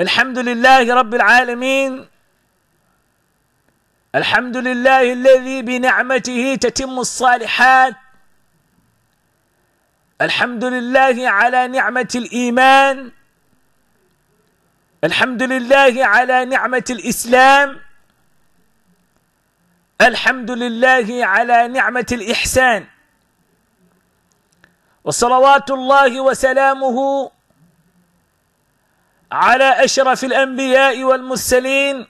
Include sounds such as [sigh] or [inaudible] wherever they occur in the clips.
الحمد لله رب العالمين الحمد لله الذي بنعمته تتم الصالحات الحمد لله على نعمة الإيمان الحمد لله على نعمة الإسلام الحمد لله على نعمة الإحسان وصلوات الله وسلامه على أشرف الأنبياء والمرسلين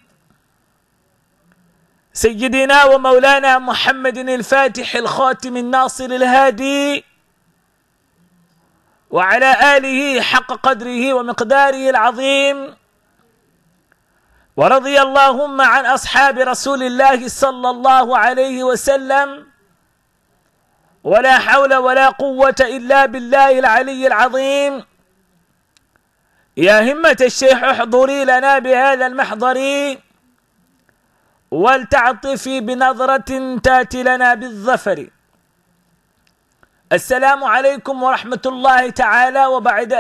سيدنا ومولانا محمد الفاتح الخاتم الناصر الهادي وعلى آله حق قدره ومقداره العظيم ورضي اللهم عن أصحاب رسول الله صلى الله عليه وسلم ولا حول ولا قوة إلا بالله العلي العظيم يا همة الشيخ احضري لنا بهذا المحضر ولتعطفي بنظرة تاتي لنا بالظفر السلام عليكم ورحمة الله تعالى وبعد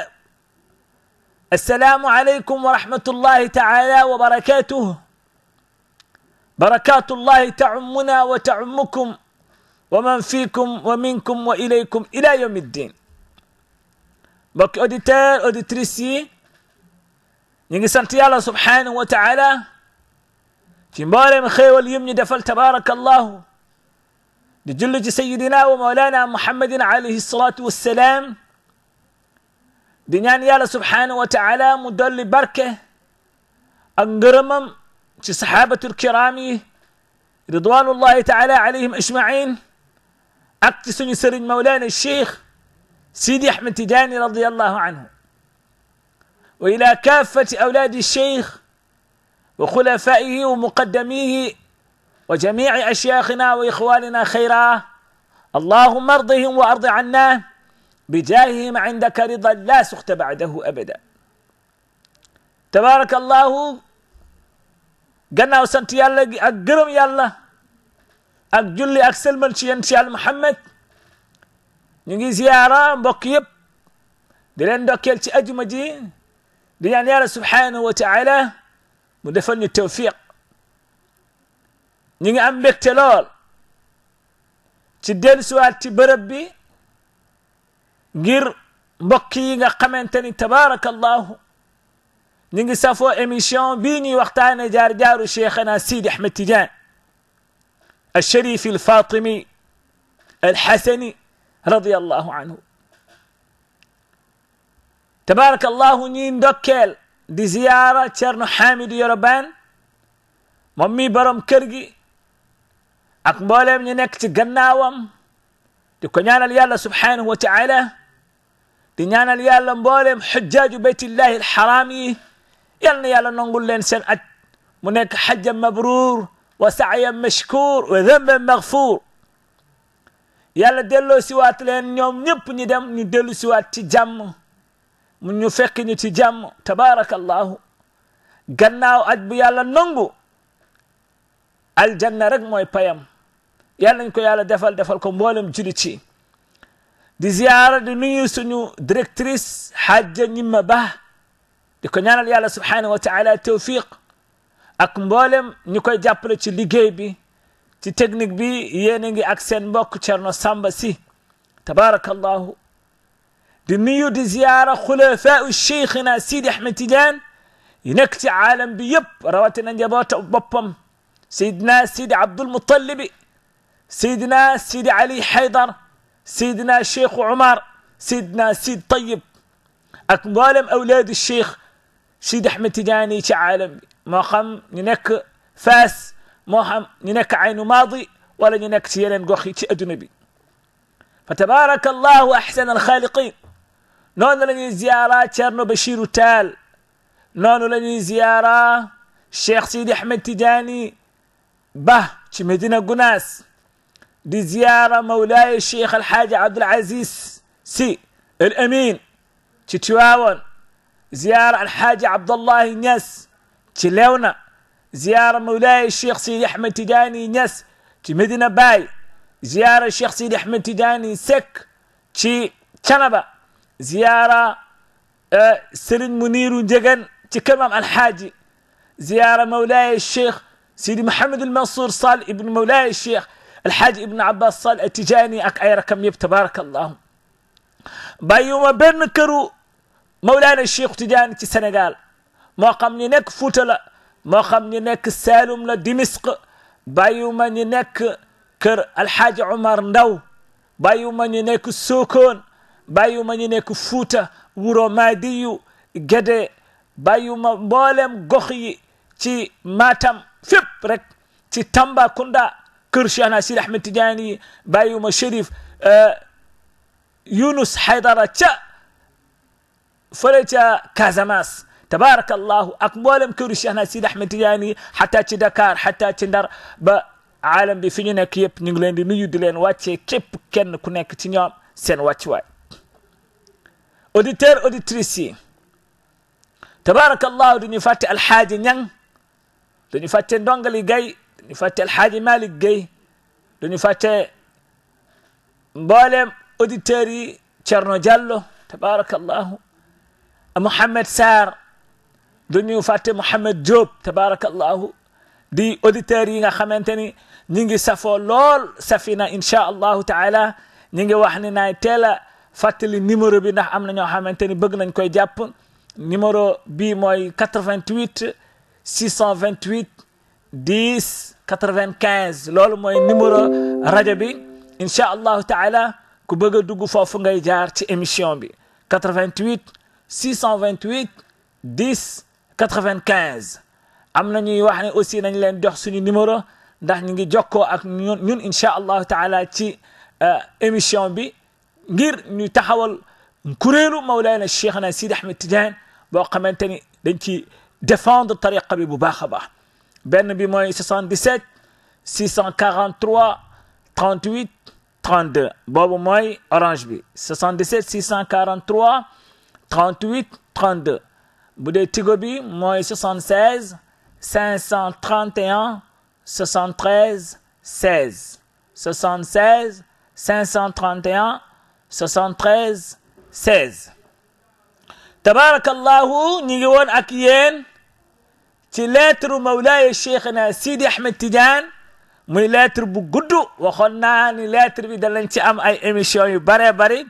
السلام عليكم ورحمة الله تعالى وبركاته بركات الله تعمنا وتعمكم ومن فيكم ومنكم وإليكم إلى يوم الدين بك أوديتر أوديتريسي نيجي سنت الله سبحانه وتعالى تمباري من خير واليمن دفل تبارك الله لجل سيدنا ومولانا محمد عليه الصلاة والسلام دنيان يالله سبحانه وتعالى مدل بركة أنقرمم تصحابة الكرام رضوان الله تعالى عليهم أجمعين اكتسوا يسر مولانا الشيخ سيدي أحمد تجاني رضي الله عنه وإلى كافة أولاد الشيخ وخلفائه ومقدميه وجميع أشياخنا وإخواننا خيرا اللهم ارضهم وأرض عنا بجاههم عندك رضا لا سخت بعده أبدا تبارك الله قلنا وسنت يالا أقرم يالا أقجل لي أكسل من شيئا شيئا محمد نجي زيارة بقيب دلين دوكيل تأجمجي بأن يرى سبحانه وتعالى مدفن التوفيق نيغا ام بيكتي لول سؤال تبربي بربي غير بكي غا خمنتني تبارك الله نيغا سافو اميشن بيني وقتان جار جار شيخنا سيد احمد تيجان الشريف الفاطمي الحسني رضي الله عنه تبارك الله نين دوكيل دي زيارة تيرنو حامد يربان مامي برام كرغي أقبالي من ينك تغناوام دي كنيانا ليالا سبحانه وتعالى دي نيانا ليالا مبالي حجاج بيت الله الحرامي يلنا يالا ننقل لين سنة منك حجا مبرور وسعيا مشكور وذنبا مغفور يالا دلو سوات لين يوم نيب ندم ندلو سوات تجمو mu ñu fekk ñu ci jàmm tabaarakallahu gannaaw aj bu yàlla nangu aljanna rek mooy payam yàlla nañ ko yàlla defal defal ko mboolem julit ci di ziyaara di nuyu suñu directrice xaaja ñimma ba di ko ñaanal yàlla subhanahu wa taala tawfiq ak mboolem ñi koy jàppale ci liggéey bi ci technique bi yéen a ngi ak seen mbokk Cerno Samba si tabaarakallahu دميو دي زيارة خلفاء الشيخنا سيدي أحمد تيجان ينكتي عالم بيب رواتنا نجابات ببم سيدنا سيدي عبد المطلب سيدنا سيدي علي حيدر سيدنا شيخ عمر سيدنا سيد طيب أكبالم أولاد الشيخ سيد أحمد تيجاني تعالم ما خم ننك فاس ما ينك ننك عين ماضي ولا ننك تيلن قوخي تأدنبي فتبارك الله أحسن الخالقين نون lañuy زيارة Thierno بشير تال نون lañuy زيارة شيخ Sidi أحمد Tidiane به ci Medina Gounass دي زيارة مولاي الشيخ الحاج عبد العزيز سي الأمين تتواون زيارة الحاج عبد الله نس تلونا زيارة مولاي الشيخ سيدي أحمد تجاني نس تمدنا باي زيارة الشيخ سيدي أحمد تجاني سك تي تنبا زيارة آه، سيد سرين منير وجقن تكمم الحاجي زيارة مولاي الشيخ سيدي محمد المنصور صال ابن مولاي الشيخ الحاج ابن عباس صال اتجاني أك أي رقم يب تبارك الله بايوما بنكرو مولانا الشيخ تجاني تي سنغال موقم ني نك فوتلا موقم ني نك سالم لا بايوما نك كر الحاج عمر نو بايوما نك سوكون bàyyuma ñu nekk Fuuta Wuro Maadiyu Gede bàyyuma mboolem gox yi ci Matam fépp rek ci Tambacounda kër Cheikh na Sidi Ahmed Tidiane yi bàyyuma Chérif euh, Yunus Haydara ca fële ca Casamance tabaraka allahu ak mboolem këru Cheikh na Sidi Ahmed Tidiane yi xataa ci Dakar xataa ci Ndar ba aalam bi fi ñu nekk yëpp ñu ngi leen di nuyu leen wàccee képp kenn ku nekk ci ñoom seen wàccuwaay auditeur auditrice tabarakallah dañuy fàtte alxaaji ñang dañuy fàtte ndongali gay dañuy fàtte alxaaji malik gay dañuy fàtte mbooleem auditeur yi cerno Diallo tabarakallah Mouhamed sar dañuy fàtte Mouhamed Diop tabarakallah di auditeur yi nga xamante ni ñi ngi safoo lool safina incha allahu taala ñi ngi wax ni naay teel a fàttali numéro bi ndax am na ñoo xamante ni bëgg nañ koy jàpp numéro bi mooy 88 628 10 95 loolu mooy numéro rajo bi incha allahu taala ku bëgg a dugg foofu ngay jaar ci émission bi 88 628 10 95 am na ñuy wax ne aussi nañ leen jox suñu numéro ndax ñu ngi jokkoo ak ñun incha allahu taala ci euh, émission bi ngir ñu taxawal kuréelu Mawlana Cheikhna Sidi Ahmed Tidiane boo xamante ci défendre 77 643 38 32 boobu Moy orange bi 77 643 38 32 bu dee tigo bi 76 531 73 16 76 531 73 16 تبارك الله نيون اكيين تلاتر مولاي شيخنا سيدي احمد تيجان مي لاتر بو غدو وخنا ني لاتر بي دالن تي ام اي ايميشن يو باري باري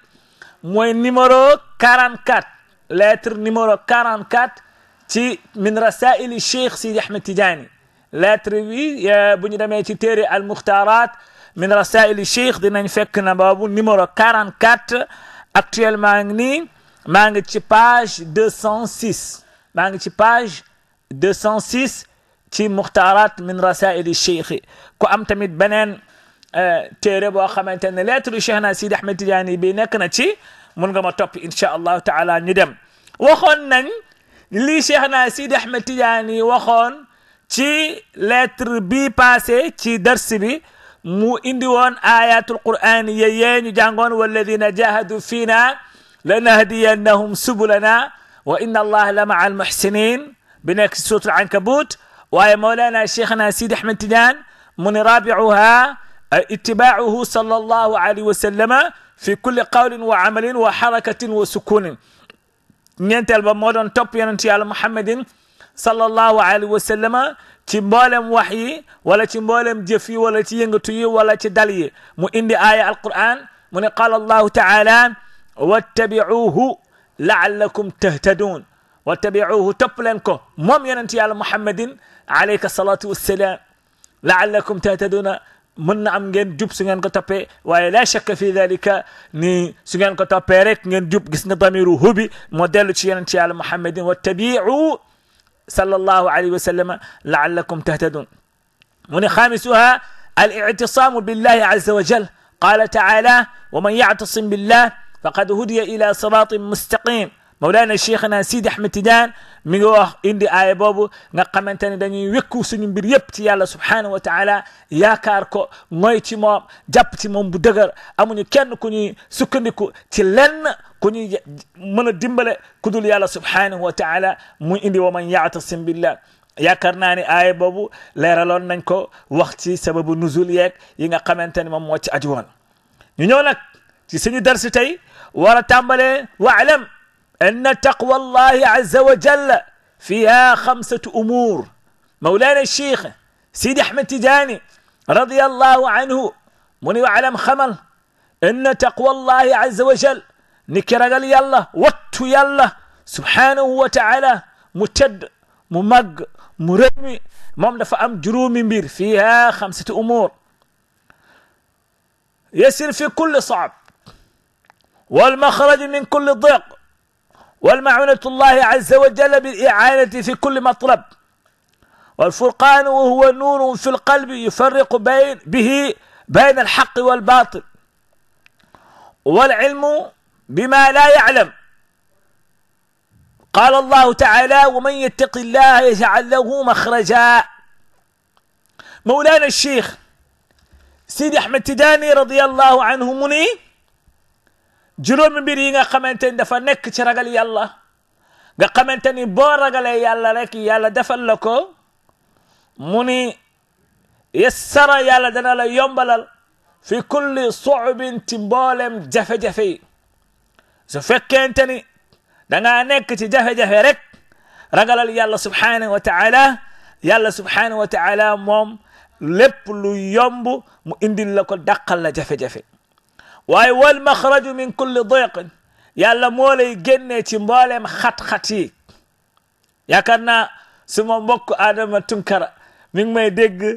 موي نيميرو 44 لاتر كاران كات تي من رسائل الشيخ سيدي احمد تيجاني لاتر بي بو ني تيري المختارات من رسائل الشيخ دينا نفك نبابو نمرو 44 اكتوال ماني ماني تي باج 206 ماني تي باج 206 تي مختارات من رسائل الشيخ كو ام تميت بنين تيري بو خامتاني لاتري شيخنا سيد احمد تجاني بي نيك تي مون غاما توب ان شاء الله تعالى ندم دم نان لي شيخنا سيد احمد تجاني واخون تي لاتر بي باسي تي درس بي مو اندي وون ايات القران يين جانغون والذين جاهدوا فينا لنهدينهم سبلنا وان الله لمع المحسنين بنك سوره العنكبوت ويا مولانا شيخنا سيد احمد تجان من رابعها اتباعه صلى الله عليه وسلم في كل قول وعمل وحركة وسكون ننتل بمودن توب انتي على محمد صلى الله عليه وسلم ci mbollem wax yi wala ci mbollem jëf yi wala ci yëngatu yi wala ci dal yi mu indi aya alquran mu ne qaala taala wattabi'uhu laallakum tahtadun wattabi'uhu topp leen ko yenen yonent yàlla muhammadin alayka salatu wassalam laallakum tahtaduna mën am ngeen jub su ngeen ko topé waye la shakka fi dalika ni su ngeen ko topé rek ngeen jub gis na damiru hubi mo delu ci ci yàlla muhammadin wattabicu صلى الله عليه وسلم لعلكم تهتدون من خامسها الاعتصام بالله عز وجل قال تعالى ومن يعتصم بالله فقد هدي إلى صراط مستقيم مولانا الشيخنا سيدي احمد تيدان ميغي اندي اي بابو نا خامتاني داني ويكو سوني مبير ييب تي سبحانه وتعالى يا كاركو موي تي موم جابتي موم بو دغر امونو كوني سكنكو تي لن كوني مانا ديمبالي كودول يالا سبحانه وتعالى مو اندي ومن يعتصم بالله يا كرناني اي بابو ليرالون ننكو وقتي سبب نزول ياك ييغا خامتاني موم موتي ادوان ني نيو نك سي ورا تامبالي واعلم أن تقوى الله عز وجل فيها خمسة أمور مولانا الشيخ سيدي أحمد تجاني رضي الله عنه من يعلم خمل أن تقوى الله عز وجل قال يلا وات يلا سبحانه وتعالى متد ممق مرمي moom dafa am juróomi فيها خمسة أمور umur في كل صعب والمخرج من كل ضيق والمعونة الله عز وجل بالإعانة في كل مطلب والفرقان وهو نور في القلب يفرق بين به بين الحق والباطل والعلم بما لا يعلم قال الله تعالى ومن يتق الله يجعل له مخرجا مولانا الشيخ سيدي احمد تداني رضي الله عنه منيب juróomi mbir yi nga xamante ni dafa nekk ci ragal yàlla nga xamante ni boo ragalee yàlla rek yàlla defal la ko mu ni yassara yàlla dana la yombalal fi kulli sucbin ci mboolem jafe-jafe yi su fekkente ni dangaa nekk ci jafe-jafe rek ragalal yàlla subhanahu wa taala yàlla subhanahu wa taala moom lépp lu yomb mu indil la ko dàqal la jafe-jafe واي والمخرج من كل ضيق يالا مولاي جنني تي مبالم خط خطي يا كنا سما موك ادم تنكر مين ماي دغ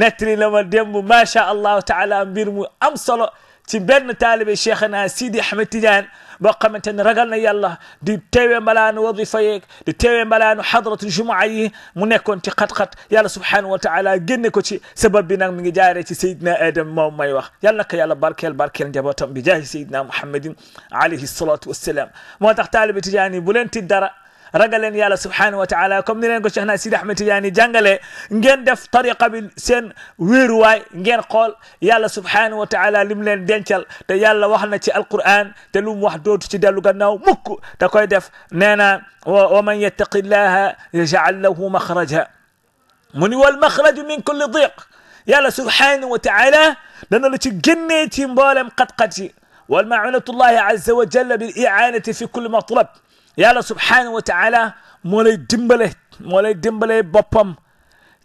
نتري لما ديمب ما شاء الله تعالى امبير مو ام صلو تي بن طالب الشيخنا سيدي احمد تيجان boo xamante ne ragal na yàlla di teewee mbalaanu wadifa yeeg di teewee mbalaanu xadratul jumaa yi mu nekkoon ci xat-xat yàlla subhanahu wa taala génne ko ci sabab bi nag mi ngi jaaree ci sayidna adam moom may wax yàlla naka yàlla barkeel barkeel njabootam bi jaahi sayidna muhammadin alayhi salatu wassalam moo tax taalibi tijaani bu leen ti dara ragalen yàlla subhanahu wa taala kom ni len ko Cheikh na Sidi Ahmed Tidiane jàngale ngeen def tariqa bi seen way ngeen xool yàlla subhanahu wa taala lim len dencal te yàlla wax na ci alquran te lum wax dootu ci delu gannaaw mukk te koy def neena wa man yattaqi llaha yaj'al lahu makhraja mun wal makhraj min kulli dhiq yàlla subhanahu wa taala dana la ci génnee ci mboolem xat-xat yi والمعونة الله عز وجل بالإعانة في كل مطلب يالا سبحانه وتعالى مولاي ديمبالي مولاي ديمبالي بوبام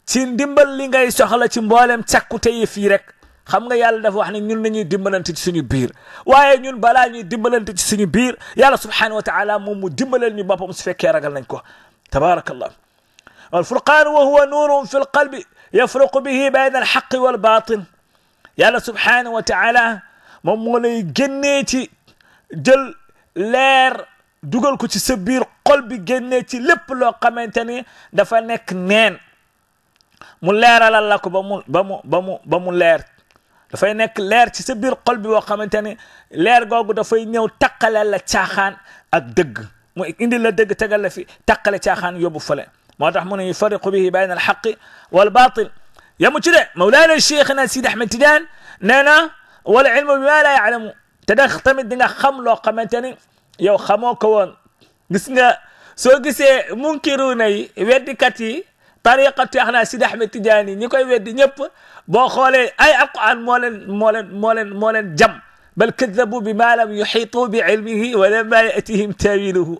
تين ديمبال لي غاي سوخلا تي مبولم تاكو تي في رك خمغا يالا دا واخ ني نون ني ديمبالانتي تي سوني بير وايي نون بالا ني ديمبالانتي تي سوني بير يالا سبحانه وتعالى مومو ديمبالل ني بوبام سو فكي راغال نانكو تبارك الله الفرقان وهو نور في القلب يفرق به بين الحق يا الله سبحانه وتعالى مومو جنيتي جل لير dugal ko ci sa biir xol bi génnee ci lépp loo xamante ni dafa nekk neen mu leeralal la ko ba mu ba mu ba mu ba mu leer dafay nekk leer ci sa biir xol bi boo xamante ni leer googu dafay ñëw taqaleel la caaxaan ak dëgg mu indi la dëgg tegal la fi taqale caaxaan yóbbu fële moo tax mu ne yufariqu bihi bayna alxaqi wal batil yamu ci de mawlaana cheikhna Sidi Ahmed Tidiane nee na wala ilmu bi ma la yaalamu te da tamit di nga xam loo xamante ni yow xamoo ko woon gis nga so gisee munkiruna yi kat yi tariqatu ahna sid ahmed tidiani ñi koy weddi ñep bo xolé ay alquran mo len mo len mo len mo len jam bal kadabu bima lam yuhitu bi ilmihi wa lam yatihim tawiluhu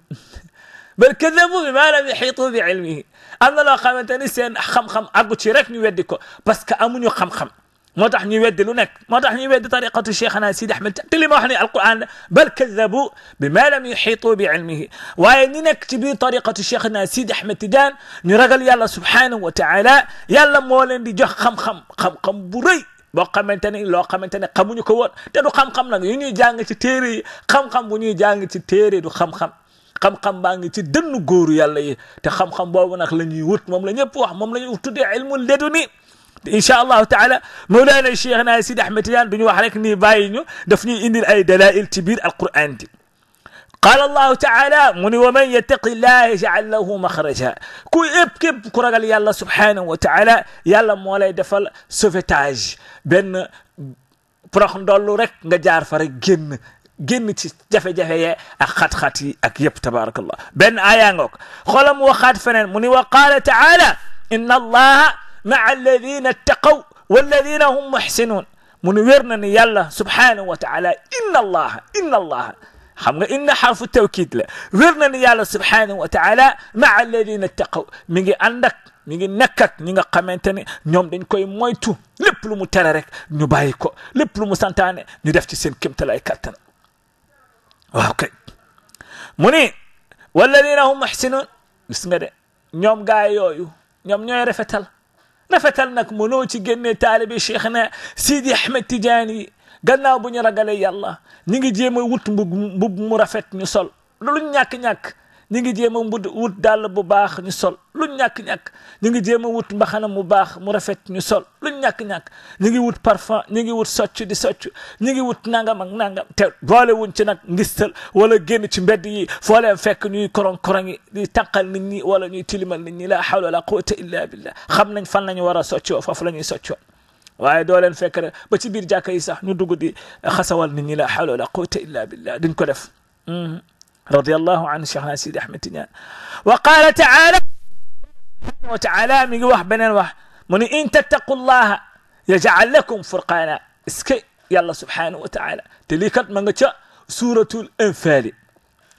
bal kadabu bima lam yuhitu bi ilmihi am la loo sen xam-xam agu ci rek ñu weddi ko parce que amuñu xam-xam moo tax ñuy weddi lu nekk moo tax ñuy weddi tariqatu cheikhana sidi ahmed te li ma wax ni alquran bal kadabu bi ma lam yuxiitu bi ilmihi waaye ñi nekk ci biir tariqatu cheikhana sidi ahmed tidiane ñu ragal yàlla subhanahu wa taala yàlla moo leen di jox xam-xam xam-xam bu rëy boo xamante ni loo xamante ne xamuñu ko woon te du xam-xam nag yu ñuy jàng ci téere yi xam-xam bu ñuy jàng ci téere du xam-xam xam-xam baa ngi ci dënn góoru yàlla yi te xam-xam boobu nag la ñuy wut moom la ñëpp wax moom la ñuy tuddee ilmul leduni te incha allahu taala mawlaana cheikhna Sidi Ahmed Tidiane ñu wax ay dalail ci biir alquran di qaala allahu taala mu ni wa man yattaqi llaha yaj'al lahu maxraja ku yëpp képp ku ragal yàlla subhanahu wa taala yàlla moo lay defal sovetage benn prox ndollu rek nga jaar fa rek génn ci jafe-jafe yee ak xat-xat ak yëpp tabaarakallah benn aayaa ngoog xoolam waxaat feneen mu ni wa qaala taala inna allaha مع الذين اتقوا والذين هم محسنون mu ne wér na ni yàlla subhanahu wa taala inna allaha inna allaha xam nga inna xarfu tawkid la wér na ni yàlla subhanahu wa taala maa alladina taqaw mi ngi ànd ak mi ngi nekk ak ñi nga xamante ne ñoom dañ koy moytu lépp lu mu tere rek ñu bàyyi ko lépp lu mu santaane ñu def ci seen kémtalaay kattan waaw kay mu ni walladina hum muxsinun gis nga de ñoom gaay yooyu ñoom ñooy rafetal نفتلنك منوتي جني تالي شيخنا سيدي احمد تجاني قالنا ابو نيرا قال يلا نيجي جيم ووت مرافت نيصل لولو نياك نياك ñingi ngi jéem mbud wut dàll bu baax ñu sol lu nakk ñàkk-ñàkk ñi ngi jéem wut mbaxana mu baax mu rafet ñu sol lu nakk ñàkk-ñàkk ñi ngi wut parfum ñi ngi wut socc di socc ñi ngi wut nangam ak nangam te boole wuñ ci nag ngistal wala génn ci mbedd yi foo leen fekk ñuy koron-koron yi di tànqal nit ñi wala ñuy tilimal nit ñi la hawla wala quwata illa billah xam nañ fan lañu war a soccoo foofu la ñuy soccoo waaye doo leen fekk rek ba ci biir jàkka yi sax ñu dugg di xasawal nit ñi la hawla wala quwata illa billah duñ ko def رضي الله عنه شيخنا سيدي أحمد تنيا وقال تعالى وتعالى من وح بنان وح من إن تتقوا الله يجعل لكم فرقانا اسكي يلا سبحانه وتعالى تليكت من سورة الأنفال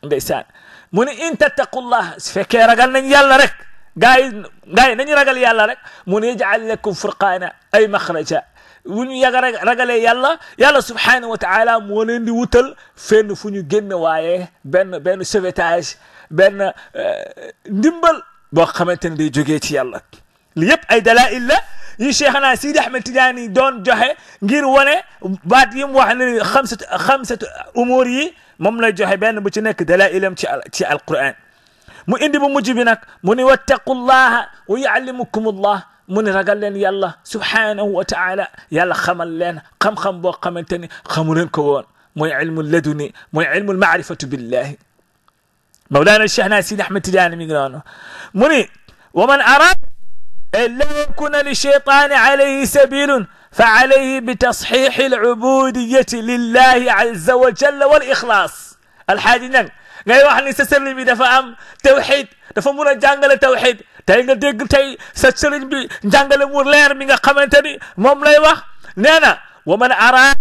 بيسان من إن تتقوا الله سفكي رجل يلا رك قاي قاي نني رجل يلا رك من يجعل لكم فرقانا أي مخرجا ولم يغرى يلا يلا سبحانه وتعالى مولين دي وتل فين فنو جن واي بن بن سيفيتاج بن نيمبل بو خمتن دي جوجيتي يلا ليب اي دلائل لا ي شيخنا سيد احمد تجاني دون جوهي غير وني بعد يم واحد خمسه خمسه امور يي مام لا جوهي بن بو تي نيك دلائلم تي القران مو اندي بو مجي بنك مو ني واتقوا الله ويعلمكم الله من رجل لين يلا سبحانه وتعالى يلا خمل لين قم خم بو قمتني خمولين كون مو علم اللدني مو علم المعرفة بالله مولانا الشيخ ناسين أحمد تجاني ميقرانو مني ومن أراد إن لم يكن للشيطان عليه سبيل فعليه بتصحيح العبودية لله عز وجل والإخلاص الحاجة نعم غير واحد نسسلم إذا فهم توحيد دفهمونا جانجل التوحيد tay nga deg tay sa serigne bi jangale mu leer mi nga xamanteni mom lay wax neena wa man ara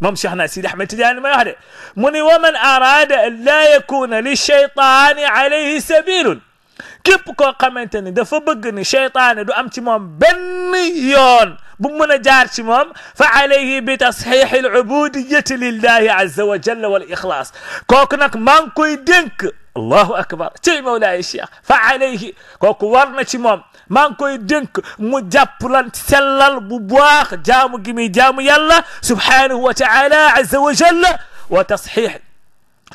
mom cheikh nasir ahmed tidiane may wax de muni wa man arada an la yakuna li shaytan alayhi sabil kep ko xamanteni dafa beug ni shaytan du am ci mom ben yoon bu meuna jaar ci mom fa alayhi bi tashih al ubudiyyah lillah azza wa jalla wal ikhlas kok nak mang koy dénk الله أكبر تي مولاي الشيخ فعليه كوكو ورنا تيموم مانكو يدنك مجابلان تسلل ببواخ جامو جمي جامو يلا سبحانه وتعالى عز وجل وتصحيح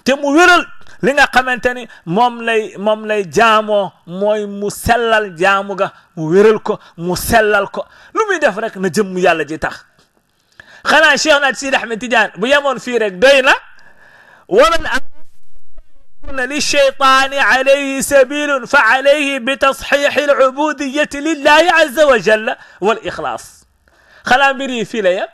تمو ويرل لنا قمنتني مملي مملي جامو موي مسلل جاموغا ويرلكو مسللكو لومي داف رك نجم يالا جي تاخ خنا شيخنا سيد احمد تيجان بو يامون في رك دوينا ومن أن للشيطان عليه سبيل فعليه بتصحيح العبودية لله عز وجل والإخلاص خلان بري في ليا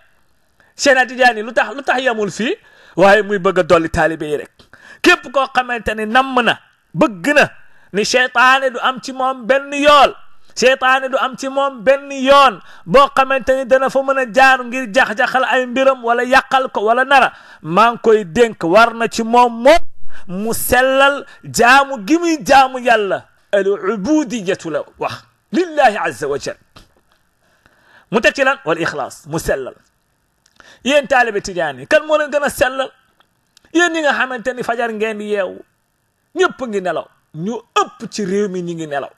شنا تجاني لتح لتح يمول في وهي مي بغا دول طالبي رك كيب كو خمانتني نمنا بغنا ني شيطان دو ام تي موم بن يول شيطان دو امتي تي موم بن يون بو خمانتني دنا فو مانا جار غير جاخ جاخال اي مبرم ولا يقال كو ولا نرا مانكوي دنك ورنا تي موم موم mu sellal jaamu gi muy jaamu yàlla al ubudiyatu wax lillahi azza wa jal mu teg ci lan wal ixlaas mu sellal yéen taalibe tijaan yi kan moo leen gën a sellal yéen ñi nga xamante ni fajar ngeen di yeewu ñëpp ngi nelaw ñu ëpp ci réew mi ñi ngi nelaw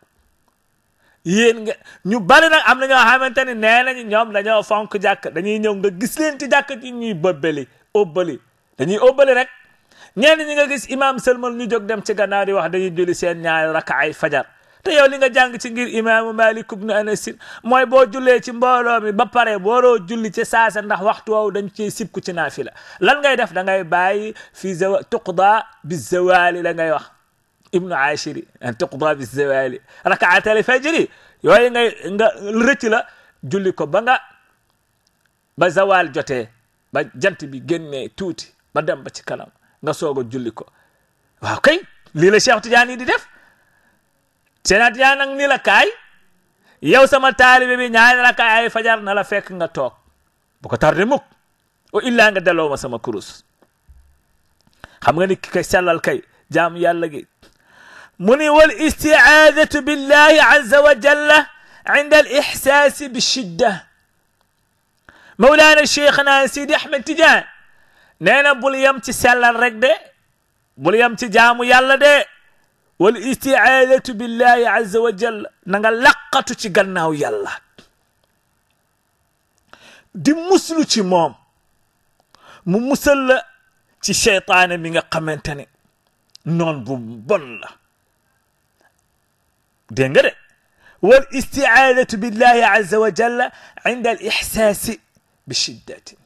yéen nga ñu bari nag am na ñoo xamante ni nee nañu ñoom dañoo fonk jàkk dañuy ñëw nga gis leen ci jàkk ji ñuy bëbbali óbbali dañuy óbbali rek ñenn ñi nga gis imam sëlmal ñu jóg dem ci gannaaw di wax dañuy julli seen ñaari rakaay fajar te yow li nga jàng ci ngir imam malik ibnu anasin mooy boo jullee ci mbooloo mi ba pare waroo julli ci saasa ndax waxtu woowu dañ ci sibku ci naafila lan ngay def da ngay bàyyi fi zawa tuqda bi zawaali la ngay wax ibnu ashiri an tuqda bi zawaali rakaatal fajri yooyu ngay nga rëcc la julli ko ba nga ba zawal jotee ba jant bi génnee tuuti ba dem ba ci kanam nga soog a julli ko waaw kay lii la cheikh tidiane di def cheikh tidiane nag ni la kaay yow sama talibe bi ñaari rakaay ay fajar na la fek nga tok bu ko tarde mukk o illa nga delo ma sama kurus xam nga ni kay selal kay jam yàlla gi muni wal isti'adatu billahi azza wa jalla عند الإحساس بالشدة مولانا الشيخنا سيدي أحمد تجان nee na bul yem ci sellal rek de bul yem ci jaamu yàlla de wal istiaadatu billahi azza wa jal na laqatu ci gannaaw yàlla di muslu ci moom mu musal la ci seytaane mi nga xamante ne noon bu bon la dégg nga de wal istiaadatu billahi azza wa jalla inda al ixsaasi bi shiddati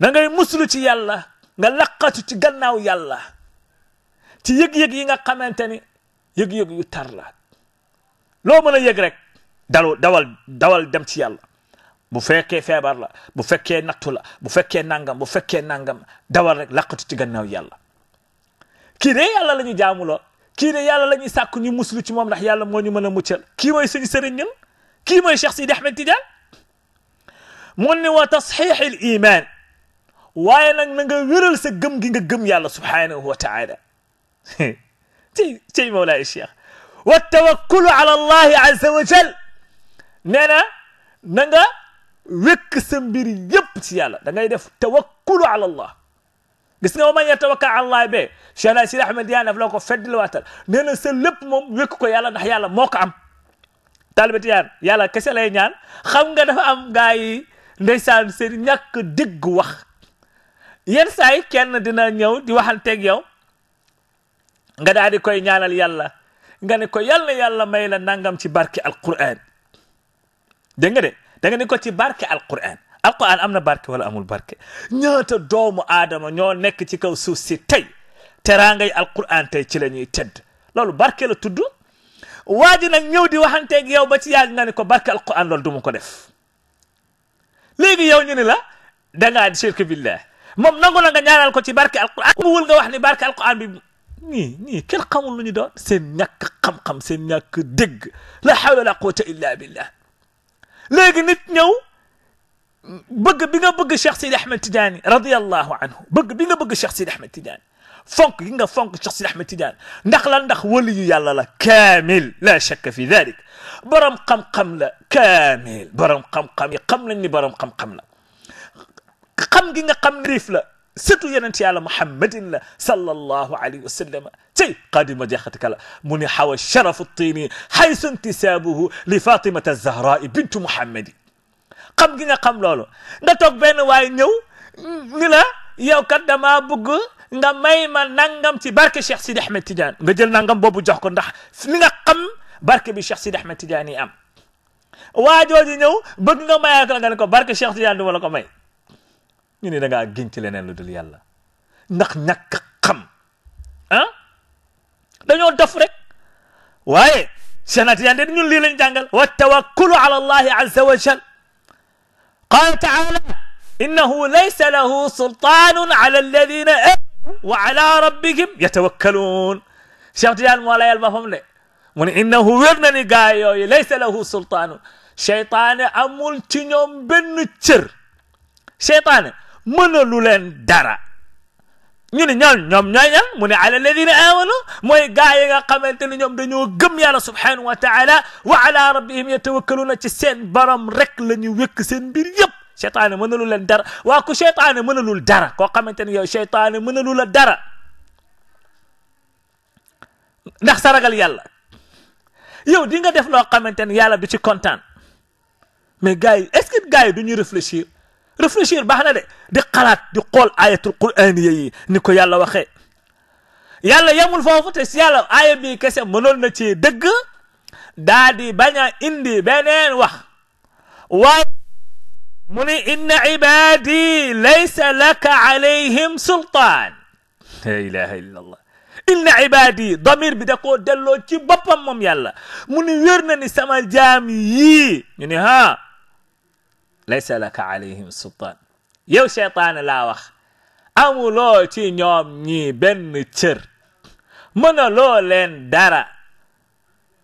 na ngay muslu ci yàlla nga laqatu ci gannaaw yàlla ci yëg-yëg yi nga xamante ni yëg-yëg yu tar la loo mën a yëg rek dalu dawal dawal dem ci yàlla bu fekkee feebar la bu fekkee nattu la bu fekkee nangam bu fekkee nangam dawal rek laqatu ci gannaaw yàlla kii de yàlla la ñu jaamuloo kii de yàlla la ñuy sàkk ñu muslu ci moom ndax yàlla moo ñu mën a muccal kii mooy suñu sëriñ ñun kii mooy Cheikh Sidi Ahmed Tidiane mu ne wa tasxiix al iman waye nak na nga wéral sa gëm gi nga gëm yàlla subhanahu wa taala ci tey mawlaay cheikh wa tawakkul ala allah azza wa jal nena na nga wékk sa mbir yépp ci yàlla da ngay def tawakkul ala allah gis nga wa man yatawakkal ala allah be cheikh ali ahmed yaa daf la ko feddil watal nena sa lépp mom wékk ko yàlla ndax yàlla moko am talibati yar yàlla kessa lay ñaan xam nga dafa am gaay ndaysan seen ñak dégg wax yenn saa yi kenn dina ñëw di waxanteeg yow nga daal di koy ñaanal yàlla nga ne ko yalla yàlla may la nangam ci barke alquran dégg nga de danga nga ne ko ci barke alquran alquran am na barke wala amul barke ñaata doomu aadama ñoo nekk ci kaw suuf si tey teraangay alquran tey ci la ñuy tedd loolu barke la tudd waa ji nag ñëw di waxanteeg yow ba ci yàgg nga ne ko barke alquran loolu du ko def léegi yow ñu ne la da ngaa shirk billah mom nangu nga ñaanal ko ci barke alquran mu wul nga wax ni barke alquran bi ni ni kenn xamul lu ñu doon seen ñàkk xam-xam seen ñàkk dégg la hawla la quwwata illa billah léegi nit ñëw bëgg bi nga bëgg Cheikh Sidi Ahmed Tidiane radiyallahu anhu bëgg bi nga bëgg Cheikh Sidi Ahmed Tidiane fonk gi nga fonk Cheikh Sidi Ahmed Tidiane ndax lan ndax wali yu yàlla la kaamil la shakka fi dalik borom xam-xam la kaamil borom xam-xam yi xam nañ ni borom xam-xam la xam gi nga xam ne riif la surtout yonent yàlla muhammadin la sallallahu alayhi wa sallam tey qadima jaxatika la mu ne xawa sharafu tiini xaysu intisaabuhu li fatimata zahraai bintu muhammadi xam gi nga xam loolu nga toog benn waaye ñëw ni la yow kat damaa bëgg nga may ma nangam ci barke Cheikh Sidi Ahmed Tidiane nga jël nangam boobu jox ko ndax li nga xam barke bi Cheikh Sidi Ahmed Tidiane yi am waa jooju ñëw bëgg nga mayaat la nga ne ko barke Cheikh Tidiane du ma la ko may ñu ne da nga giñ ci leneen lu dul yàlla ndax ñàkk xam ah dañoo dof rek waaye senatiyaan de ñun lii lañ jàngal wa tawakkulu ala allahi azza wa jal qala taala innahu laysa lahu sultanun ala alladina amanu wa ala rabbihim yatawakkaluun cheikh tijaan moo layal boppam de mu ne innahu wér na ni gaay yooyu laysa lahu sultaanun cheytaane amul ci ñoom benn cër cheytaane mënalu leen dara ñu ne ñoom ñoom ñooy ñan mu ne ala alladina amanu mooy gaa yi nga xamante ne ñoom dañoo gëm yàlla subhanahu wa taala wa ala rabbihim yatawakkaluna ci seen borom rek la ñu wékk seen mbir yëpp cheytaane mënalu leen dara waa ku cheytaane mënalul dara koo xamante ne yow cheytaane mënalu la dara ndax sa ragal yàlla yow di nga def loo xamante ne yàlla du ci kontaan mais gars yi est gars yi du ñu réfléchir réfléchir baxna de di xalaat di xool ayatul qur'aniya yi ni ko yàlla waxee yàlla yemul foofu te si yàlla aaya bi kese mënoon na ci dëgg daa di bañ a indi beneen wax waaye mu ni inna ibadi laysa laka alayhim sultaan la ilaha illa allah inna ibadi damir bi da koo delloo ci boppam moom yàlla mu ni wér na ni sama jaam yii ñu ni ha laysa laka alayhim sultaan yow seytaane laa wax amuloo ci ñoom ñii benn cër mënaloo leen dara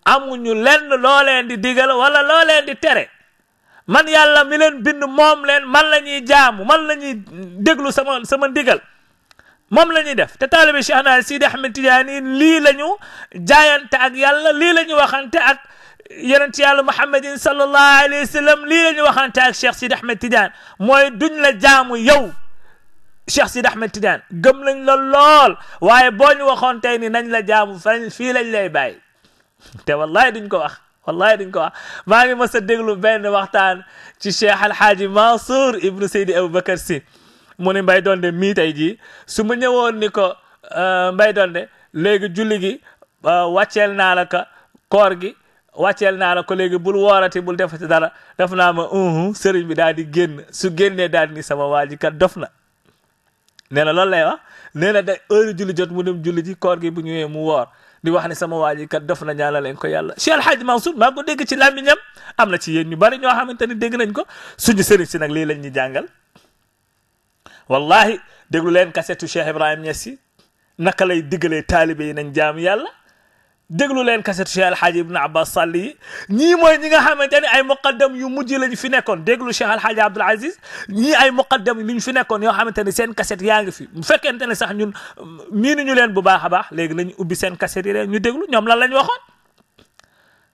amuñu lenn loo leen di digal wala loo leen di tere man yàlla mi leen bind moom leen man la ñuy jaamu man la ñuy déglu sama sama ndigal moom la ñuy def te taalibe Cheikh na Sidi Ahmed Tidiane lii la ñu jaayante ak yàlla lii la ñu waxante ak yonent yàlla muhammadin sallallahu alayhi wa sallam lii la ñu waxante ak Cheikh Sidi Ahmed Tidiane mooy duñ la jaamu yow Cheikh Sidi Ahmed Tidiane gëm lañ la lool waaye boo ñu waxoon tey ni nañ la jaamu fan fii lañ lay bàyyi te wallahi duñ ko wax wallahi duñ ko wax maa ngi mës a déglu benn waxtaan ci Cheikh Alhaaji Mansour ibnu Seydi Aboubacar Sy mu ne Mbaye Donde mii tey jii su ma ñëwoon ni ko Mbaye Donde léegi julli gi wàcceel naa la ka koor gi wàcceel naa la ko léegi bul woorati bul defati dara def naa ma seriñ sëriñ bi daal di génn su génnee daal di ni sama waa ji kat dof na nee na loolu lay wax nee na da heure julli jot mu dem julli ji koor gi bu ñëwee mu woor di wax ne sama waa ji kat dof na ñaanal leen ko yàlla Cheikh El Hadj Mansour maa ngi ko dégg ci làmmiñam am na ci yéen ñu bari ñoo xamante ni dégg nañ ko suñu sëriñ si nag lii lañ ñu jàngal wallahi déglu leen kasetu Cheikh Ibrahim Niass naka lay diggalee taalibe yi nañ jaamu yàlla. déglu len cassette Cheikh Alxaaji Ibn Abbas sali ñi moy ñi nga xamanteni ay muqaddam yu mujj lañ fi nekkon déglu Cheikh Alxaaji Abdul Aziz ñi ay muqaddam liñ fi nekkon yo xamanteni sen cassette kaset yaa fi bu fekkente ne sax ñun ñu len bu baaxa baax legi lañu ubbi sen cassette yi ñu déglu ñom lan lañ waxon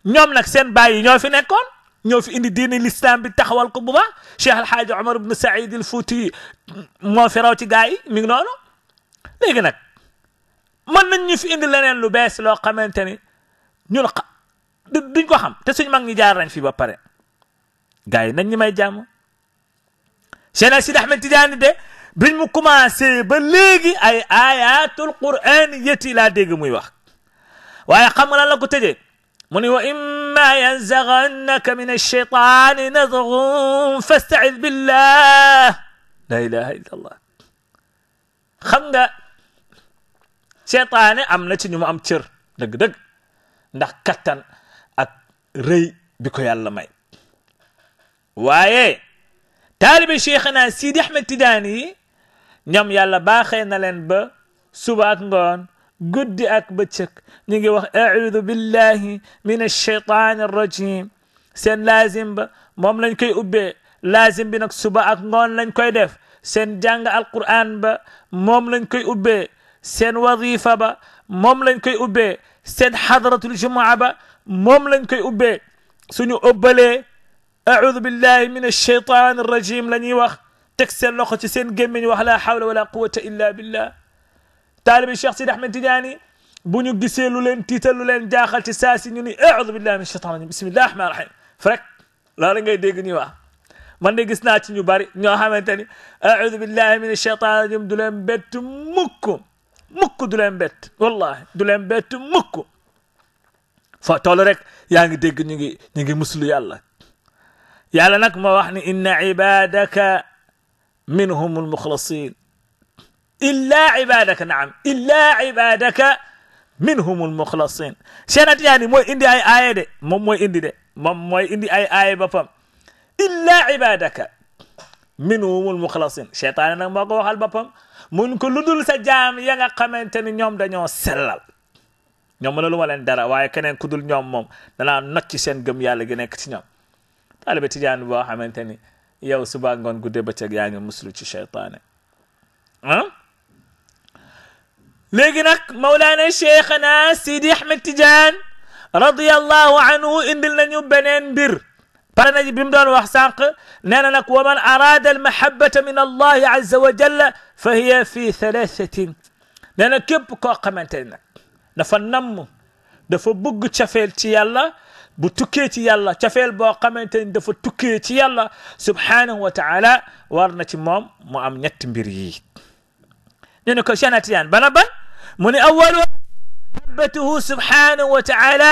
ñom nak sen baay yi ñoo fi nekkon ño fi indi diini l'islam bi taxawal ko bu baax Cheikh Alxaaji Omar Ibn Saïd al futi mo fi raw ci gaay mi ngi nonu legi nak mën nañ ñu fi indi leneen lu bees loo xamante ni ñun duñ ko xam te suñ mag ñi jaar nañ fi ba pare gars yi nañ ñi may jàmm Cheikh Sidi Ahmed Tidiane de biñ mu commencé ba léegi ay ayatul qur'aniyati laa dégg muy wax waaye xam nga lan la ko tëjee mu ni wa imma yanzaghannaka min ash-shaytani nazghun fasta'id billah la ilaha illa allah xam nga seetaane am na ci ñu mu am cër dëgg-dëgg ndax kattan ak rëy bi ko yàlla may waaye taalibe cheikhana sidi ahmed tidaani yi ñoom yàlla baaxee na leen ba suba ak ngoon guddi ak bëccëg ñu ngi wax audu billahi min alcheytaani arrajim seen laazim ba moom lañ koy ubbee laazim bi nag suba ak ngoon lañ koy def seen jàng alquran ba moom lañ koy ubbee سن وظيفة با موم لن كي أبي سن حضرة الجمعة با موم لن كي أبي سن أبلي أعوذ بالله من الشيطان الرجيم لن يوخ تكسر لخوة سن جمين لا حول ولا قوة إلا بالله طالب الشيخ سيد أحمد تداني بني قسير لولين تيتل لولين داخل تساسي نيني أعوذ بالله من الشيطان الرجيم بسم الله الرحمن الرحيم فرق لا رنجي ديقني واه man day gis naa ci ñu bari ñoo xamante ni aaudu billahi min alchaitan rajim du leen bett mukk mukk du leen bett wallahi du leen bett mukk fa toll rek yaa ngi dégg ñu ngi ñu ngi muslu yàlla yàlla nag ma wax ni inna ibadaka minhum almuxlasin illa ibadaka naam illa ibadaka minhum almuxlasin seenat yaa ni mooy indi ay aaye de moom mooy indi de moom mooy indi ay aaye boppam illa ibadaka minhum almuxlasin cheytaane nag moo ko waxal boppam mun ko ludul sa jaam ya nga xamante ni ñoom dañoo sellal ñoom mën lu ma dara waaye keneen ku dul ñoom moom dalaa not ci seen gëm yàlla gi nekk ci ñoom taalibe tijaan boo xamante ni yow suba ngoon ba bëccëg yaa ngi muslu ci cheytaane ah léegi nag mawlaana cheikhana sidi ahmed tijaan radiallahu anhu indil nañu beneen mbir برنادي بمدان وحسانق نانا نك ومن أراد المحبة من الله عز وجل فهي في ثلاثة نانا كيب كو قمنتنا نفنم دفو بوغ تشافيل تي يالا بو توكي تي يالا تشافيل بو قمنتن دفو توكي تي يالا سبحانه وتعالى وارنا تي موم مو ام نيت مبيري نانا كو شاناتيان بانا بان موني اول محبته سبحانه وتعالى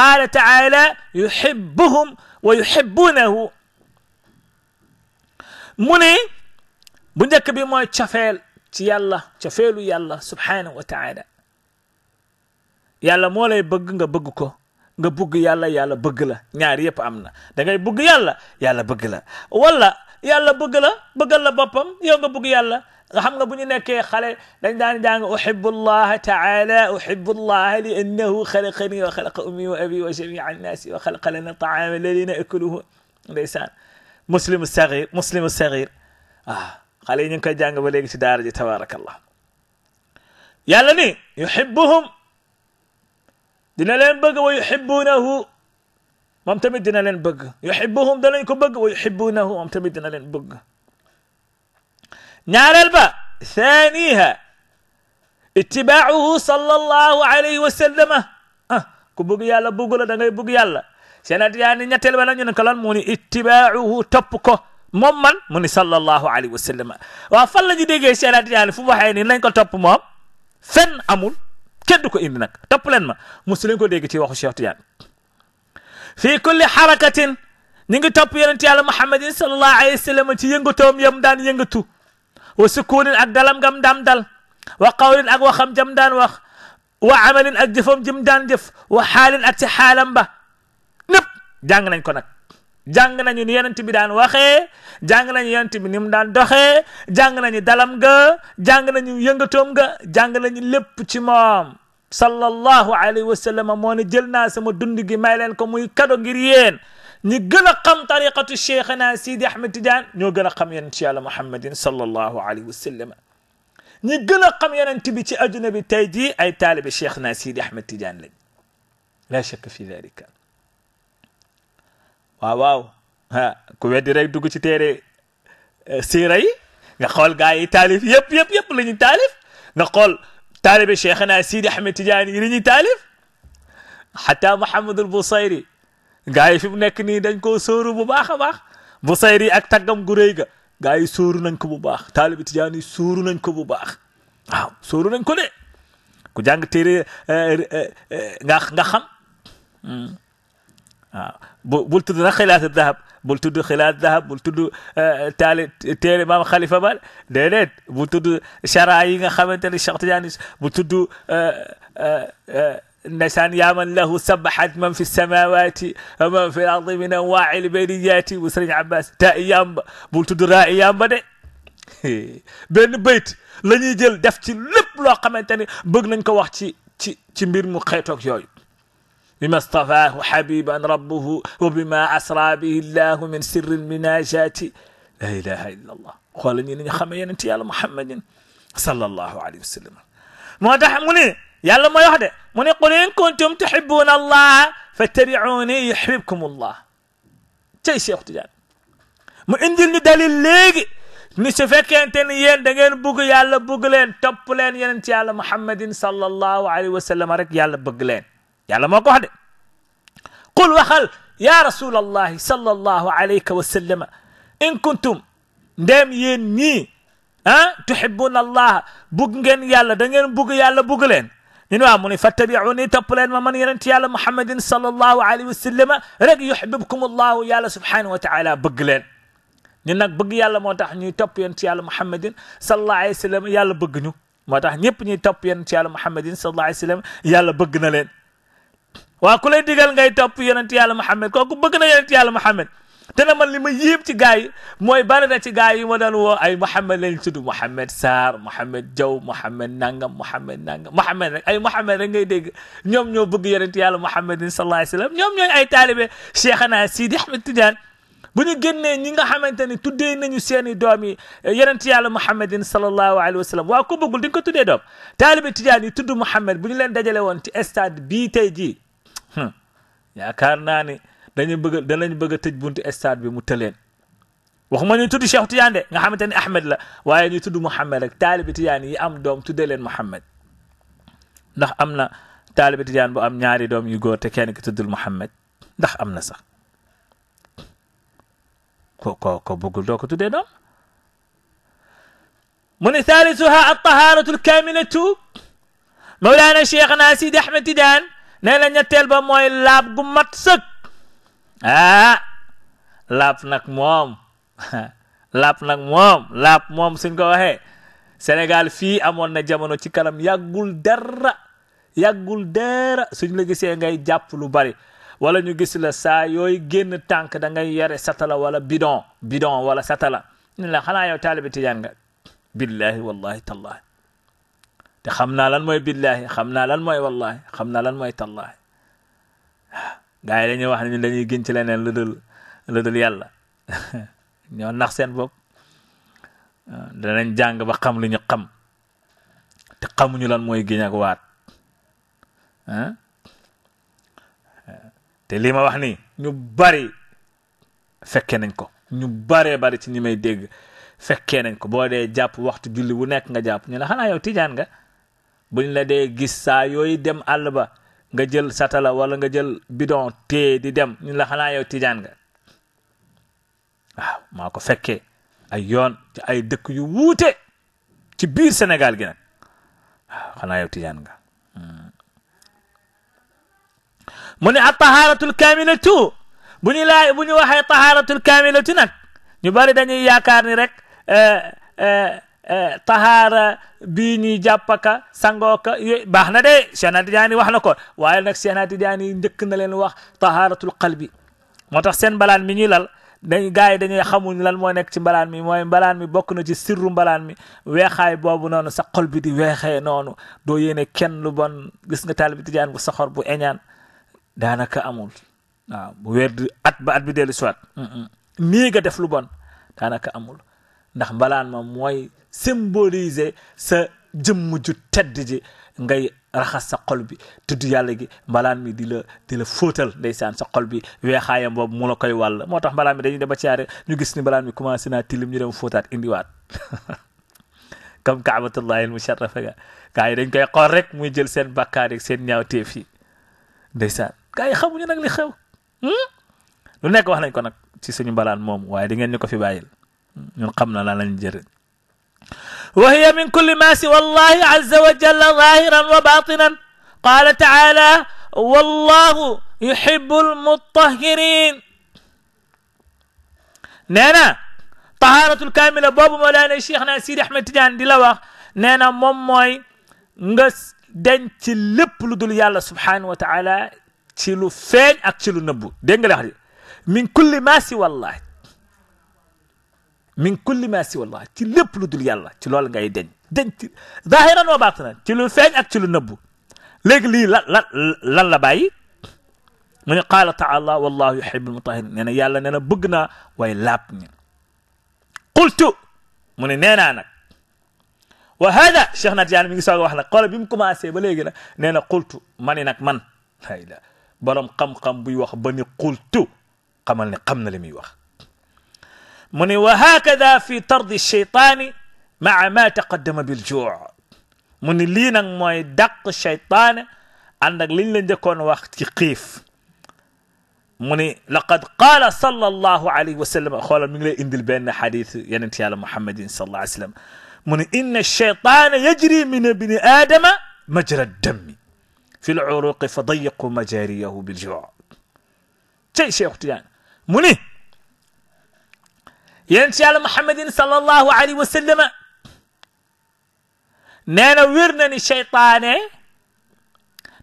قال تعالى يحبهم ويحبونه mu ne bu njëkk bi mooy cofeel ci yàlla cofeelu yàlla subhanahu wa taala yàlla moo lay bëgg nga bëgg ko nga bëgg yàlla yàlla bëgg la ñaar yëpp am na da ngay bëgg yàlla yàlla bëgg la wala yàlla bëgg la bëggal la boppam yow nga bëgg yàlla nga xam nga bu ñu nekkee xale dañ daan jàng uhibbu llaha taala uhibbu llaha li annahu xalaqani wa xalaqa ummi wa abi wa jamia annaasi wa xalaqa lana taama alladina akuluhu ndeysaan muslimu sagir muslimu sagir ah xale yi ñu ngi koy jàng ba léegi ci daara ji tabarakallah yàlla ni yuhibbuhum dina leen bëgg wa yuhibbunahu moom tamit dina leen bëgg yuhibbuhum danañ ko bëgg wa yuhibbunahu moom tamit dina leen bëgg نار الباء ثانيها اتباعه صلى الله عليه وسلم آه، كبوغ يالا بوغلا دا غاي بوغ يالا سيناتي ياني نياتل بالا نين كلان موني اتباعه توبكو موم من موني صلى الله عليه وسلم وا فال لا ديغي سيناتي ياني فو وخاي ني نانكو توب موم فن امول كين دوكو اندي نك توب لن ما مسلم كو ديغي تي واخو شيخ تيان في كل حركه نيغي توب يونتي يالا محمد صلى الله عليه وسلم تي ينغتوم يم دان ينغتو wa sukkuunin ak dalam gam daam dal wa qawlin ak waxam jam daan wax wa amalin ak jëfam jim daan jëf wa xaalin ak ci xaalam ba ñëpp jàng nañ ko nag jàng nañu ni yonent bi daan waxee jàng nañu bi ni mu daan doxee jàng nañu dalam ga jàng nañu yëngatoom ga jàng nañu ci moom sallallahu alayhi wa sallam moo ne jël naa sama dund gi may leen ko muy kado ngir yéen ñi gën a xam tariqatu cheikhana sidi ahmed tidiane ñoo gën a xam yonent yàlla muhammadin sallallahu alayhi wa sallam ñi gën a xam yonent bi ci adduna bi tey jii ay taalibe cheikhana sidi ahmed tidiane lañ la shakka fi dalika waaw waaw ha ku weddi rek dugg ci téere siira yi nga xool gaa yi taalif yëpp yëpp yëpp la ñuy taalif nga xool taalibe cheikhana sidi ahmed tidiane yi la ñuy taalif xata mohamadul busayri gaa yi fi mu nekk nii dañ koo sóoru bu baax a baax bu sayri ak taggam gu rëy ga gaa yi sóoru nañ ko bu baax taalibi tijaan yi sóoru nañ ko bu baax waaw sóoru nañ ko de ku jàng téere eh, eh, eh, nga xam hmm. waaw bu bul tudd na xilaatu dahab bul tudd xilaat dahab bul tudd taali téere maam xalifa ba déedéet bul tudd chara yi nga xamante ne Cheikh Tidiane bul tudd نسان يا من له سبحت من في السماوات ومن في الأرض من أنواع البريات وسرين عباس تا إيام بولت درا إيام بدي بن بيت la ñuy jël def ci lépp loo xamante ni bëgg nañ ko wax ci ci ci mbir بما اصطفاه حبيبا ربه وبما أسرى به الله من سر المناجات لا إله إلا الله قال ني خمي ينتي على محمد صلى الله عليه وسلم ما دحمني يلا ما يهدى من يقول إن كنتم تحبون الله فاتبعوني يحببكم الله تي شيخ تجان ما عندنا دليل ليك نسفك أنت نيان دعين يالا يلا بقولين تبولين يلا أنت يلا محمد صلى الله عليه وسلم رك يلا بقولين يلا ما يهدى قل وخل يا رسول الله صلى الله عليه وسلم إن كنتم دم يني ها تحبون الله بقولين يلا دعين بقول يلا بقولين نين واموني فاتبعوني تبلين ممن يرنت يالا محمد صلى الله عليه وسلم رك يحببكم الله يالا سبحانه وتعالى بقلين ñun nag bëgg yàlla moo tax ñuy topp yonent yàlla muhammadin sallallahu alayhi wa sallam yàlla bëgg ñu moo tax ñëpp ñuy topp yonent yàlla muhammadin sallallahu alayhi wa sallam yàlla bëgg na leen waa ku lay digal ngay topp yonent yàlla muhammad kooku bëgg na yonent yàlla muhammad te na man li ma yéem ci gars yi mooy bari na ci gars yi ma daan woo ay Mouhamed lañ tudd Mouhamed Sarr Mouhamed Diaw Mouhamed Nangam Mouhamed Nangam Mouhamed rek ay Mouhamed rek ngay dégg ñoom ñoo bëgg yonent yàlla Mouhamedin sallallahu alayhi wa sallam ñoom ñooy ay taalibe Cheikhana Sidi Ahmed Tidiane bu ñu génnee ñi nga xamante ni tuddee nañu seeni doom yi yonent yàlla Mouhamedin sallallahu alayhi wa sallam waa ko bëggul di nga ko tuddee doom taalibe Tidiane yi tudd Mouhamed bu ñu leen dajale woon ci stade bii tey jii yaakaar naa ni dañu bëgg danañ bëgg a tëj buntu stade bi mu tëleen waxuma ñu tudd Cheikh Tidiane de nga xamante ne Ahmed la waaye ñu tudd Mouhamed rek taalibi Tidiane yi am doom tuddee leen Mouhamed ndax am na taalibi Tidiane bu am ñaari doom yu góor te kenn ki tuddul Mouhamed ndax am na sax ko ko ko bëggul doo ko tuddee doom mu ne thalithuha altaharatu alkamilatu mawlaana Cheikhna Sidi Ahmed Tidiane nee na ñetteel ba mooy laab gu mat sëkk ah laab nag moom laab [laughs] nag moom laab moom suñ ko waxee senegal fii amoon na jamono ci kanam yàggul dara yàggul dara suñ la gisee ngay jàpp lu bari wala ñu gis la saa yooyu génn tànk da ngay yare satala wala bidon bidon wala satala ñu la xanaa yow taalibi tijaan nga billahi wallahi tallahi te xam naa lan mooy billahi xam naa lan mooy xam naa lan mooy tallahi gaa yi ñu wax ne ñun dañuy gën ci leneen lu dul lu dul yàlla [laughs] ñoo nax seen bopp danañ jàng ba xam lu ñu xam te xamuñu lan mooy giñ ak waat ah te lii ma wax ni ñu bari fekkee nañ ko ñu baree bari ci ñi may dégg fekkee nañ ko boo dee jàpp waxtu julli bu nekk nga jàpp ñu ne xanaa yow tijaan nga buñ la dee gis saa yooyu dem àll ba nga jël satala wala nga jël bidon téye di dem ñu la xanaa yow tijaan nga waaw maa ko fekke ay yoon ci ay dëkk yu wuute ci biir Sénégal gi nag waaw xanaa yow tijaan nga hmm. mu ne ak tahaaratul kaamilatu bu ñu laay bu ñu waxee tahaaratul kaamilatu nag ñu bari dañuy yaakaar ni rek eh, eh, Eh, tahaara bii ñuy jàppaka sangooka yooyu baax na de Cheikh Tidiane wax na ko waaye nag Cheikh Tidiane njëkk na leen wax tahaaratul qalbi moo tax seen mbalaan mi ñuy lal dañ gars yi dañuy xamu lan moo nekk ci mbalaan mi mooy mbalaan mi bokk na ci sirru mbalaan mi weexaay boobu noonu sa xol bi di weexee noonu doo yéene kenn lu bon gis nga taalibi Tijaan bu soxor bu eñaan daanaka amul waaw bu weer at ba bi dellu siwaat def lu bon amul ndax mbalaan ma mooy symboliser sa jëmm ju tedd ji ngay raxas sa xol bi tudd yàlla gi mbalaan mi di la di la fóotal ndeysaan sa xol bi weexaayam boobu mu la koy wàll moo tax mbalaan mi dañuy dem ba ci yaare ñu gis ni mbalaan mi commencé naa tilim ñu dem fóotaat indiwaat comme [laughs] kaabatullahi al musharrafa ga gaa yi dañ koy xool rek muy jël seen bàkkaar seen ñaawteef yi ndeysaan gaa yi xamuñu nag li xew hmm? lu nekk wax nañ ko nag ci suñu mbalaan moom waaye di ngeen ñu ko fi bàyyil ñun xam na lañ jëriñ وهي من كل ما سوى الله عز وجل ظاهرا وباطنا قال تعالى والله يحب المطهرين نانا طهارة الكاملة باب مولانا شيخنا سيدي أحمد تجان دي لواخ نانا مموي نغس دن تلب لدول dul yàlla subhanahu wa taala ci lu feeñ ak ci lu nëbbu dégg nga من كل ما سوى الله تلب لدل يلا تلول غاي دن دن ظاهرا وباطنا تلو فين اك تلو نبو ليك لي لا لا لا باي من قال تعالى والله يحب المطهرين نانا يالا نانا بغنا واي لابني قلت من نانا نك وهذا شيخنا جان مي سوغ واخنا قال بيمكم اسي بليغنا نانا قلت ماني نك من هايلا بروم قم قم بي واخ بني قلت قمل قمنا لمي واخ من وهكذا في طرد الشيطان مع ما تقدم بالجوع من لين ما يدق الشيطان عندك لين يكون وقت يقيف من لقد قال صلى الله عليه وسلم خول من لي اندل بن حديث يعني على محمد صلى الله عليه وسلم من ان الشيطان يجري من ابن ادم مجرى الدم في العروق فضيقوا مجاريه بالجوع شيء شيخ اختيان يعني. مني ينشال محمد صلى الله عليه وسلم نانا ويرناني شيطاني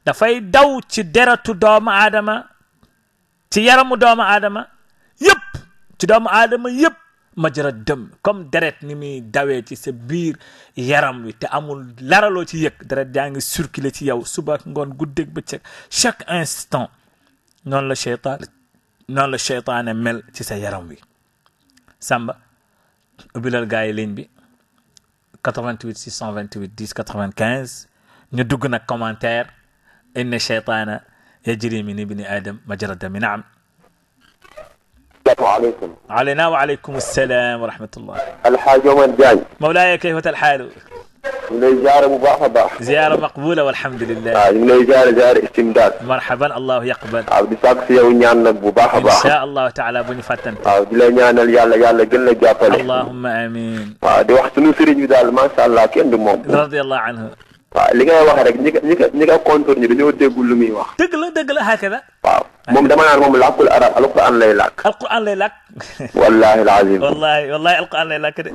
دفاي دو تي درتو دوم آدم تي يرم دوم آدم يب تي دوم آدم يب مجرى دم كم درت نمي داوي تي سبير يرم وي تي أمو لارلو تي يك درت ديانج سوركيلي تي يو سوباك نغون قدك بچك شاك انستان نون لا شيطان نون مل تي سيرم وي Samba ubbilal gars yi ligne bi 88 628 10 95 ñu dugg nag commentaire inna cheytaana yajri min ibni adam majra dami naam عليكم علينا وعليكم السلام ورحمة الله الحاج ومن جاي مولاي كيف الحال؟ زيارة زيارة مقبولة والحمد لله زيارة آه، زيارة استمداد مرحبا الله يقبل عبد آه، ساك ونيان مباح إن شاء الله تعالى بني فتن عبد الله نيان يالا يالا قلنا جابل اللهم آمين آه، دي وقت نسري جدال ما شاء الله كين دموم رضي الله عنه آه واحد نيكا نيكا نيكا كونتور نيكا نيكا ديقول لمي واحد تقل تقل هكذا waaw moom dama naan moom làkkul arab alquran lay làkk alquran lay làkk [laughs] wallahi alazim wallahi wallahi alquran lay làkk de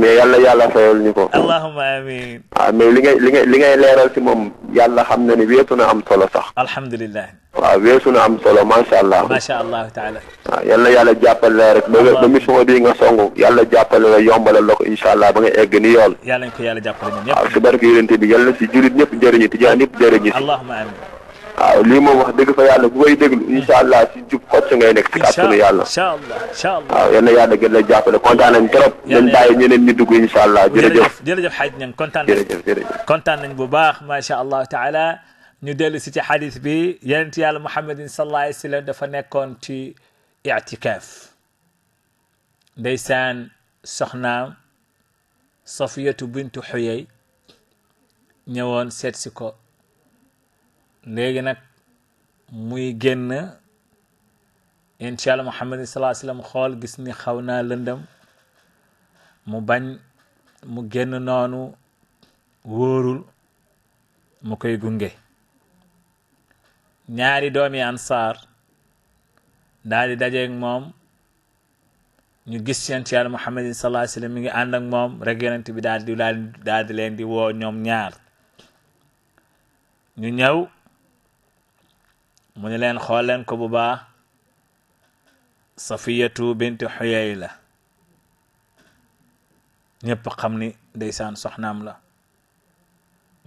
mais yàlla yàlla fayal ñu ko allahuma amin waaw mais li ngay li ngay li ngay leeral si moom yàlla xam na ni weesu na am solo sax alhamdulilah waaw weesu na am solo macha allah macha allah taala waaw yal na yàlla jàppale la rek ba ba mission bii nga song yàlla jàppale la yombalal la ko incha allah ba nga egg ni yool yàlla ñu ko yàlla jàppale ñoom ñëpp waaw si barke yonente bi yàlla si jurit ñëpp jëriñu tijaan ñëpp jëriñu allahuma amin waaw lii moom wax dëgg fa yàlla bu koy déglu incha allah ci jub xocc ngay nekk ci kàttanu yàlla waaw la jàppale kontaan nañ trop nañ bàyyi ñeneen ñi dugg incha allah jërëjëf jërëjëf xaaj nañ kontaan jërëjëf kontaan nañ bu baax macha allah taala ñu dellu si ci xadis bi yonent yàlla muhammadin sallallahu alayhi wa sallam dafa nekkoon ci itikaaf ndeysaan soxnaam safiyatu bintu xuyey ñëwoon seet si ko léegi nag muy génn incha allah muhammad salaa sallam xool gis ni xaw naa lëndam mu bañ mu génn noonu wóorul mu koy gunge ñaari doomi ansaar daal di dajeeg moom ñu gis yonent yàlla muhammad salaa sallam mi ngi ànd ak moom rek yonent bi daal di daal di leen di woo ñoom ñaar ñu ñëw mu ne leen xool leen ko bu baax safiyatu binti xuyay la ñëpp xam ni ndeysaan soxnaam la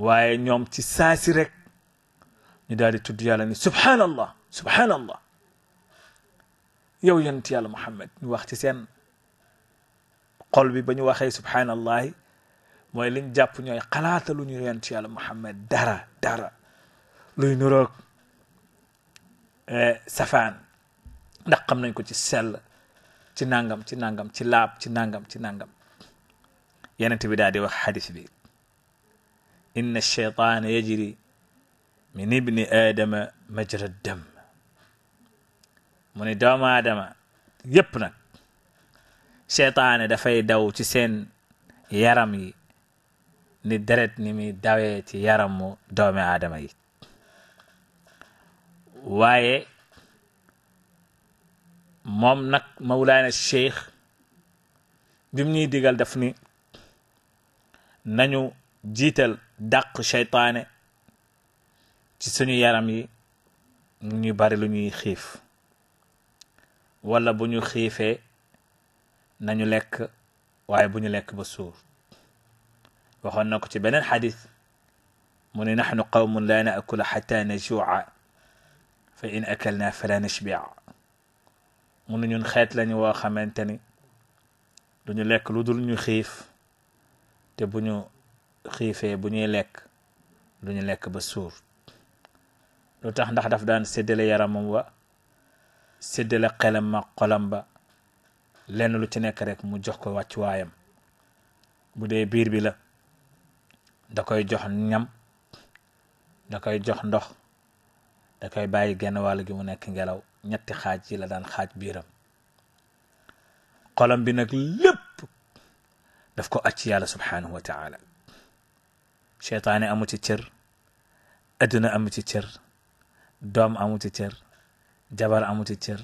waaye ñoom ci saasi rek ñu daal di tudd yàlla ni subhanallah subhanallah yow yonent yàlla muhammad ñu wax ci seen xol bi ba ñu waxee subhanallahi mooy liñ jàpp ñooy xalaatalu ñu yonent yàlla muhammad dara dara luy nuroog Eh, safaan ndax xam nañ ko ci sell ci nangam ci nangam ci laab ci nangam ci nangam yenent bi daal di wax xadis bi inna cheytaana yajri min ibni adama majra dam mu ni doomu aadama yépp nag cheytaane dafay daw ci seen yaram yi ni deret ni muy dawee ci yaramu doomi aadama yi waaye moom nag mawlaana cheikh bi mu ñuy digal daf ni nañu jiital dàq seytaane ci suñu yaram yi ñu bari lu ñuy xiif wala bu ñu xiifee nañu lekk waaye bu ñu lekk ba suur waxoon na ko ci beneen xadis mu ne naxnu qawmun laa naakula xata najua fa in akalna fala nashbi munu ñun xeet lañu woo xamante ni duñu lekk lu dul ñu xiif te bu ñu xiifee bu ñuy lekk duñu lekk ba suur lu tax ndax daf daan séddale yaramam wa séddale xelam ma xolam ba lenn lu ci nekk rek mu jox ko wàccuwaayam bu dee biir bi la da koy jox ñam da koy jox ndox da koy bàyyi genn wàll gi mu nekk ngelaw ñetti xaaj yi la daan xaaj biiram xolam bi nag lépp daf ko acc yàlla subhaanahu wa taala cheytaane amu ci cër adduna amu ci cër doom amu ci cër jabar amu ci cër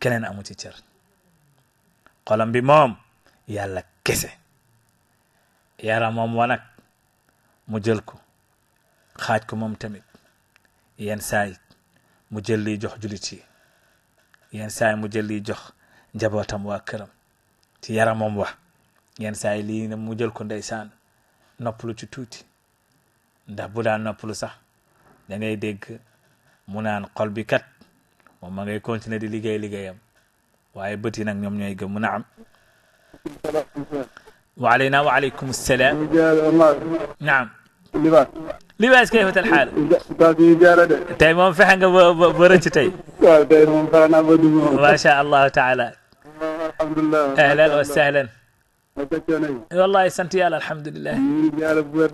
keneen amu ci cër xolam bi moom yàlla kese yaramam wa nag mu jël ko xaaj ko moom tamit yenn saay mu jël li jox jullit yi yenn saa mu jël li jox njabootam waa këram ci yaramam wa yenn saa yi lii mu jël ko saan noppalu ci tuuti ndax bu daan noppalu sax da ngay dégg mu naan xol bi kat moom ma ngay continuer di liggéey liggéeyam waaye bët yi nag ñoom ñooy gëm mun a am wa alayna wa alaykum salaam naam لباس لباس كيف الحال؟ تيمون فحن برجتي تيمون فحن ما شاء الله تعالى الحمد لله اهلا وسهلا والله سنتي يا الحمد لله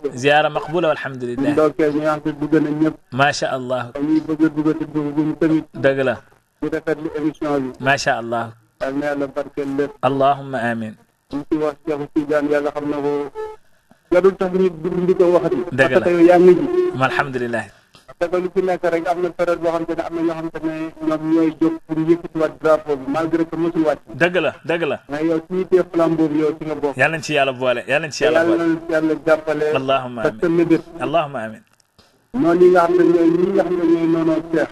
زيارة مقبولة والحمد لله ما شاء الله دقلة ما شاء الله اللهم امين nga dul tax nit du di ko waxati. dëgg la parce que yow yaa ngi ji. alhamdulilah. parce que lu ci nekk rek am na période boo xamante ne am na ñoo xamante ne ñoom ñooy jóg pour yëkkatiwaat drapeau bi malgré que mosul wàcc. dëgg la dëgg la. mais yow ci tee flambeau bi yow ci nga bokk. yal nañ ci yàlla boole yal nañ ci yàlla boole yal nañ ci yàlla jàppale. allahumma amiin parce que mébét. allahumma amiin. noonu yi nga xam ne ñooy ñi nga xam ne ñooy noonoo seex.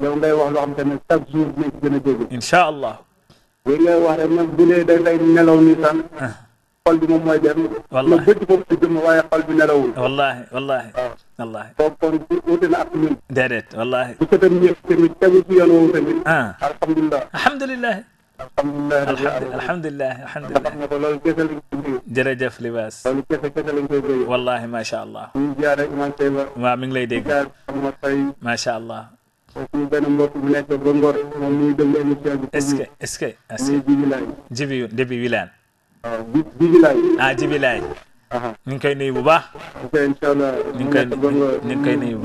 yow ngay wax loo xamante ne chaque jour dinañ ci gën a dégg. incha allah. li ngay wax rek même bu dee da ngay nelaw ni sax. قلبي مو جميل والله بدي بدي مواي قلبي نلول والله والله آه. والله بكون ودي نعمل دريت والله بكتب لي كم كم في انا آه. الحمد لله الحمد لله الحمد لله الحمد لله الحمد لله جرى جف لباس والله ما شاء الله ما من لي ديك ما شاء الله اسكي اسكي اسكي جيبي جيبي ولان Jibi ah, Laay ah, ñu ngi koy nuyu bu baax incha allah ñu ngi koy ñu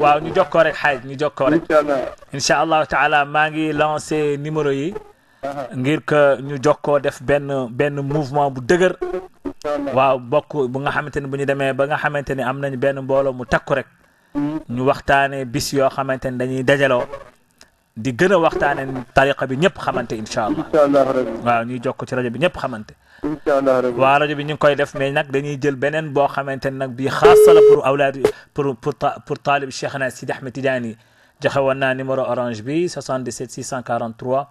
waaw ñu jokkoo rek xaaj ñu jokkoo rek incha allah taala maa ngi lancé numéro yi ngir que ñu jokkoo def benn benn mouvement bu dëgër waaw bokk bu nga xamante ne bu ñu demee ba nga xamante ne am nañ benn mbooloo mu takku rek hmm. ñu waxtaane bis yoo xamante ne dañuy dajaloo di gën a waxtaane tariqa bi ñëpp xamante incha allah incha allah waaw ñuy jokk ci rajo bi ñëpp xamante incha allah waaw rajo bi ñu ngi koy def mais nag dañuy jël beneen boo xamante nag bii xaasa la pour awlaad pour pour pour taalib Cheikh na Sidi Ahmed Tidiane joxe woon naa numéro orange bi 77 643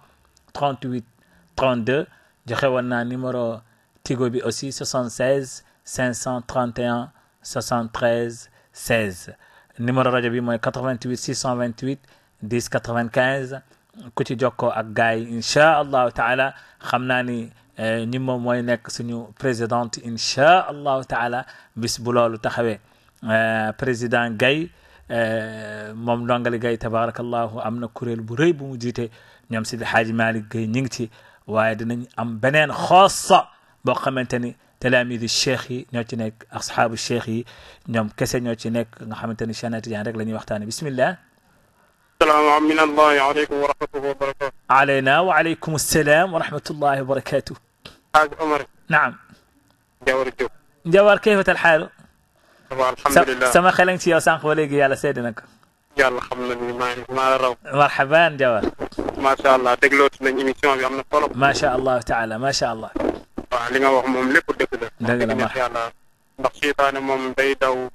38 joxe woon naa numéro tigo bi aussi 76 531 73 16 numéro rajo bi mooy 88 628 10 95 ku ci jokkoo ak gars yi incha allahu taala xam naa ni ñi moom mooy nekk suñu présidente incha allahu taala bis bu loolu taxawee président Gaye moom ndongali Gaye tabarakallahu am na kuréel bu rëy bu mu jiite ñoom Sidi Xaaji Malick Gaye ñi ngi ci waaye dinañ am beneen xoossa boo xamante ni talaamidi cheikh yi ñoo ci nekk asxaabu cheikh yi ñoom kese ñoo ci nekk nga xamante ni Cheikh Tidiane rek la ñuy waxtaane bismillah السلام من الله عليكم ورحمه الله وبركاته علينا وعليكم السلام ورحمه الله وبركاته حاج عمر نعم جوار الجو كيف الحال؟ الحمد لله سما خلينك يا سانخ وليقي على سيدنا يلا خملني ما ما مرحبا جوار ما شاء الله دقلوت من ايميسيون بيعمل الطلب ما شاء الله تعالى ما شاء الله علينا ما هو مملك ودقلوت دقلوت ما شاء الله بخشيط انا مم بيدا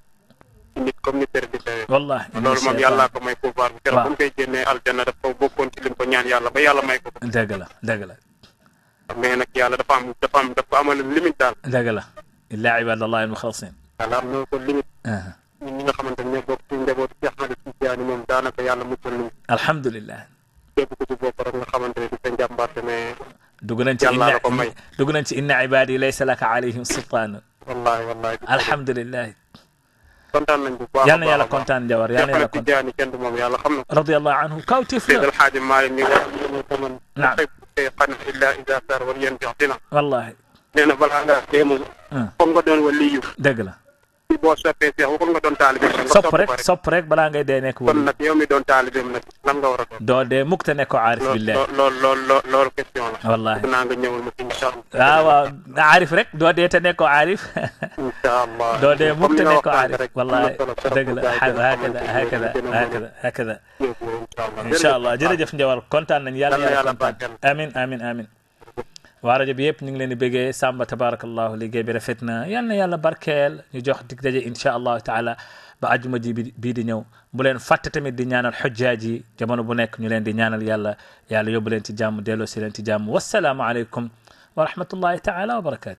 nit comme ni service wallahi loolu moom yàllaa ko may pouvoir bu keroog bu ñu koy génnee aljana daf ko bokkoon ci lim ko ñaan yàlla ba yàlla may ko ko dëgg la dëgg la mais nag yàlla dafa am dafa am daf ko amal limite daal dëgg la illaa allah al-muxlasin yàlla am na ko limite ñun ñi nga xamante ne bokk ci njabootu ci Ahmad Tijaani moom daanaka yàlla muccal nañu alhamdulilah képp ku ci bopp rek nga xamante ne di sa njàmbaarte ne dugg nañ ci yàlla la ko may dugg nañ ci inna ibaadi laysa كونتان نانكو با يالنا يالا كونتان جوار يالنا يالا كونتان يعني كنت مام رضي الله عنه كاو تفلا نعم والله boo soppee seex waxul nga doon taalibe sopp rek sopp rek dee nekk kon nag mi doo dee mukk te nekk ko aarif billah lool lool lool loolu question la ma ci incha rek doo dee te nekk ko aarif incha allah doo dee mukk te nekk ko aarif wallaahi dëgg la hakada hakada hakada hakada incha kontaan nañ yàlla yàlla amin amin amin waa rajo bi yëpp ñu ngi leen di bëggee sàmba tabarakallahu liggéey bi rafet na yal na yàlla barkeel ñu jox dig daje incha allahu taala ba ajuma ji bii di ñëw bu leen fàtte tamit di ñaanal xujjaaj yi jamono bu nekk ñu leen di ñaanal yàlla yàlla yóbbu leen ci jàmm delloo si leen ci jàmm wassalaamu aleykum wa rahmatullahi taala wa barakatu